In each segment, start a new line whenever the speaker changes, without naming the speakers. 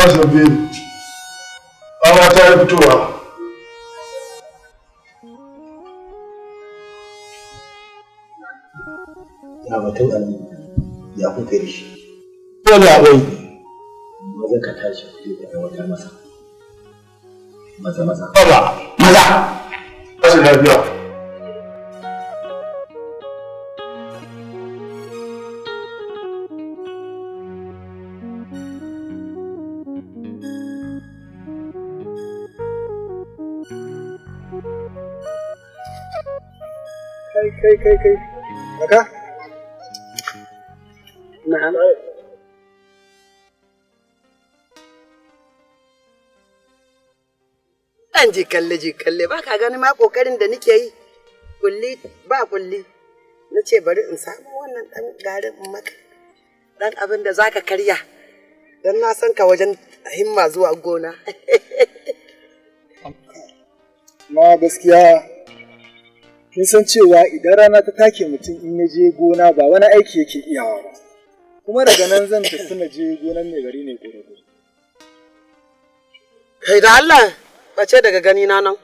azabi rana ta yi fitowa ya batun alimi ya kuka da shi dole abai maza ka tashi ku da wata masa maza maza baba maza lafiya kai jikalle-jikalle, ba ka gani ma kokarin da nake yi kulli ba kulli na ce bari in samu wannan dan garin maka dan abin da zaka karya dan na san ka wajen himma zuwa gona ma gaskiya kin san cewa idan rana ta take mutum in ya je gona ba wani aiki yake iyawa ba kuma daga nan zan tafi na je gonan mai gari ne goro kai da Allah ka ce daga gani na nan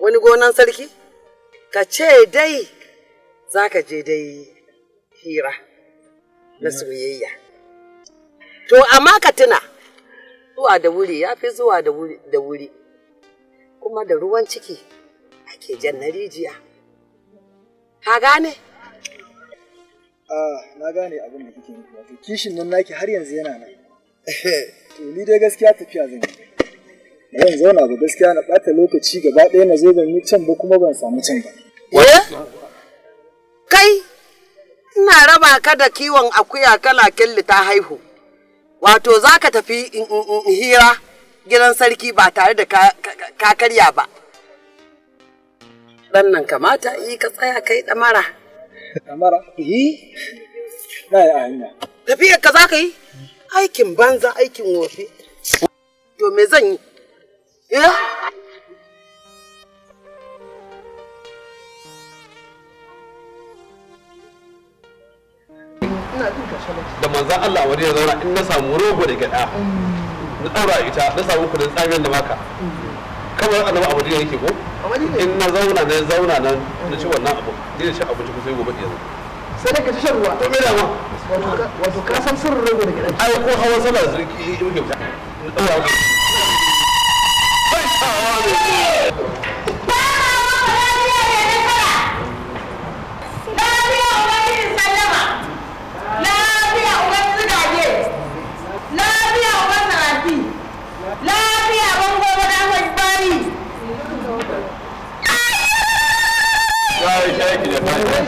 wani gonan sarki ka ce dai za ka je dai hira na soyayya to amma ka tuna zuwa da wuri ya fi zuwa da wuri kuma da ruwan ciki ake jan na rijiya ka gane Ah, na gane abin da kike nufi wato kishin nan naki har yanzu yana nan to ni dai gaskiya tafiya zan yi zan zauna ba gaskiya na ɓata lokaci gaba ɗaya na zo ban yi can ba kuma ban samu can ba eh? kai ina raba ka da kiwon akuya kala kyalli ta haihu wato za ka tafi hira gidan sarki ba tare da ka karya ba ɗan nan kamata yi ka tsaya kai ɗamara. Ɗamara? Yi? Na yi hanya. Tafiyar ka za ka yi? Aikin banza aikin wofi. To me zan yi? Ya? Eh? Da manzan Allah wani ya zauna in na samu rogo da gyaɗa. Na ɗaura ita na samu kudin tsamiyar da maka. Kamar annabi abu da yake ko? in na zauna na zauna nan mm. na ci wannan abu zai ci abinci ko sai gobe ke zai sai da ka ci shan ruwa to dama wato ka san sirrin rogo da gidan ai ko hawa sana zirki muke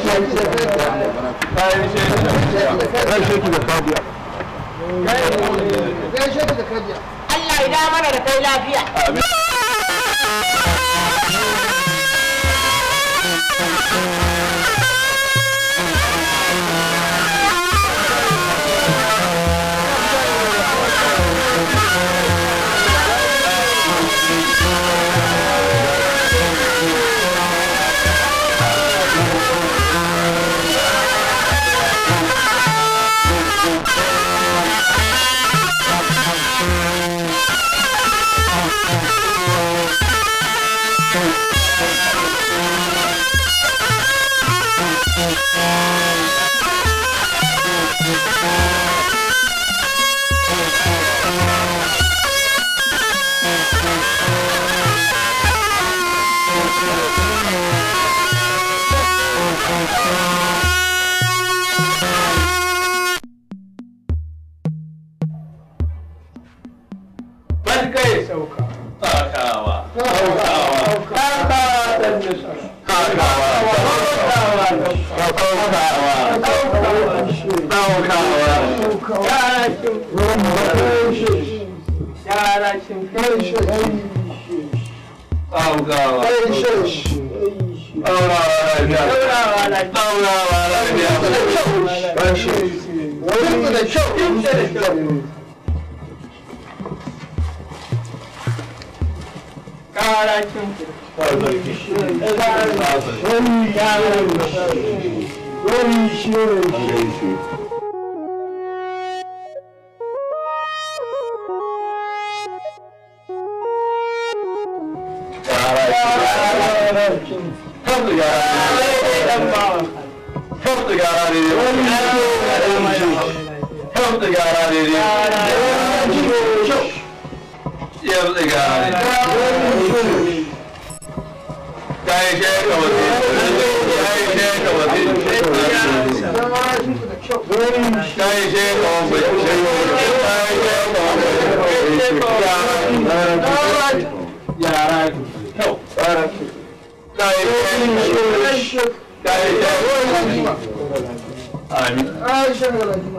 Allah ya dama mana da kai lafiya. Amin. olmuş. Allah'a emanet Allah'a emanet Allah'a emanet Ben şimdi... Çok da çok, çok da Caraca, Oy, oy, oy, oy, oy, için fazla yarar Fazla yarar edin. Fazla yarar edin. Yerde yarar edin. Gayet şey kapatın. Gayet şey kapatın. Gayet şey kapatın. Kuru.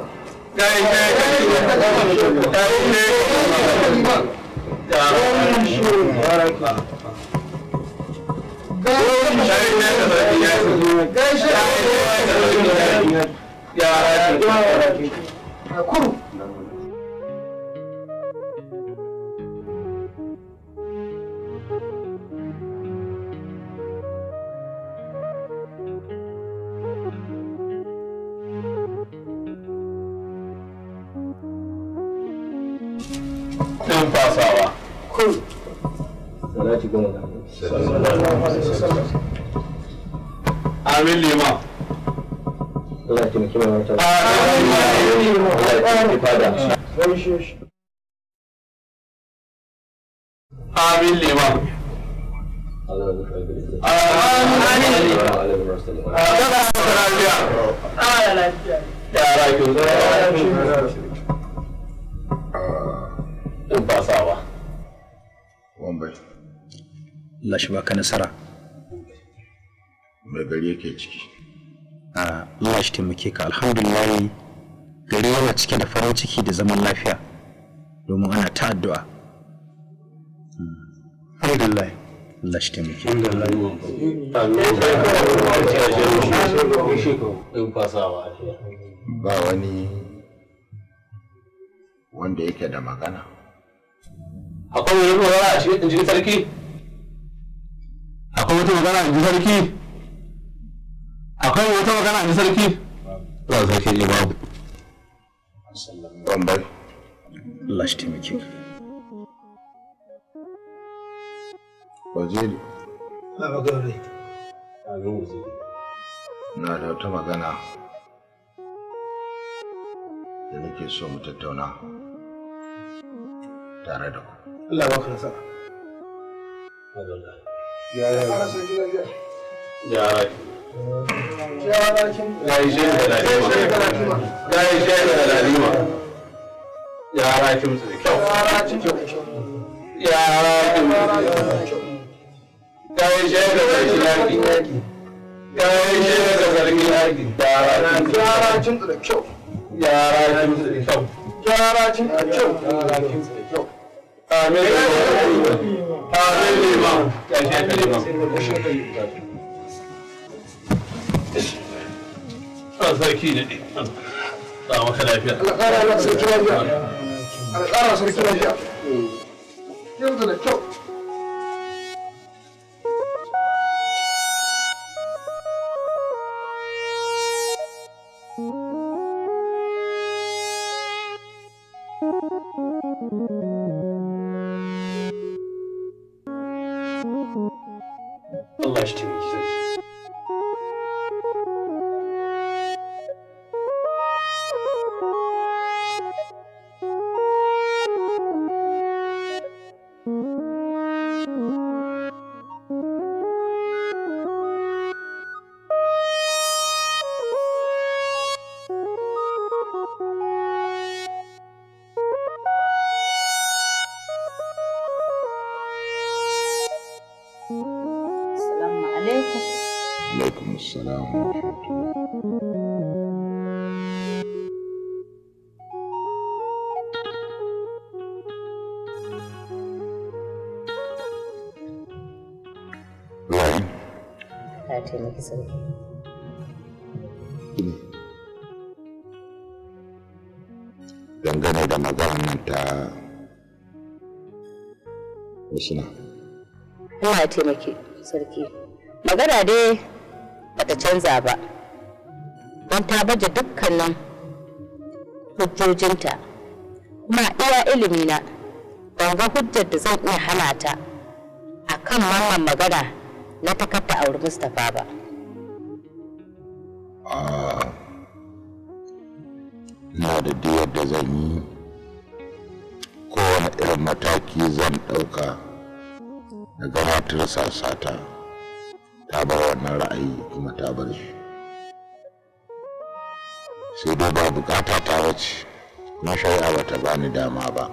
da amin Allah shi baka nasara. Mai gari yake ciki. Ah, Allah shi taimake ka alhamdulillah gari yana cike da farin ciki da zaman lafiya domin ana ta addu'a alhamdulillah Allah shi taimake ba wani wanda yake da magana akwai wani magana a cikin jirgin sarki akwai wata magana a sarki akwai wata magana a sarki ba sarki ne babu Wallahi. Allah shi taimake ka. Waziri. Na magana. Na da wata magana da nake so mu tattauna tare da ku. Allah ba ka nasa. Ya ya. Ya ya ya ya ya ya ya ya ya ya ya Rakim, Rakim, Rakim, Rakim, Rakim, Rakim, Rakim, Rakim, Rakim, Rakim, Rakim, جارك لا يجلد الأليمة لا يجلد الأليمة يا راكم يا راكم لا يجلد الأليمة gaishe da zargi yaki gyara cin da kyau gyara cin da kyau gyara cin da kyau amin amin liman gaishe da liman أفاكيني اللهم خلاف يا القرى لا سركلا جاء القرى سركلا جاء يمضي لك شوف Thank you. عليكم السلام dangane da maganar ta wasu na. Allah taimake sarki. Magana dai bata canza ba don ta baje dukkanin hujjojinta kuma iya ilimina ban ga hujjar da zan iya hana ta a kan mamman magana na a auri mustapha ba ah, na da diyar da zan yi kowane irin mataki zan ɗauka daga matar sasata. ta bar wannan ra'ayi kuma ta bar shi sai dai ba bukata ta wace na shari'a ba ta bani dama ba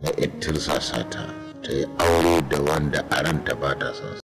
na ittirsasa ta ta yi aure da wanda a ranta ba ta son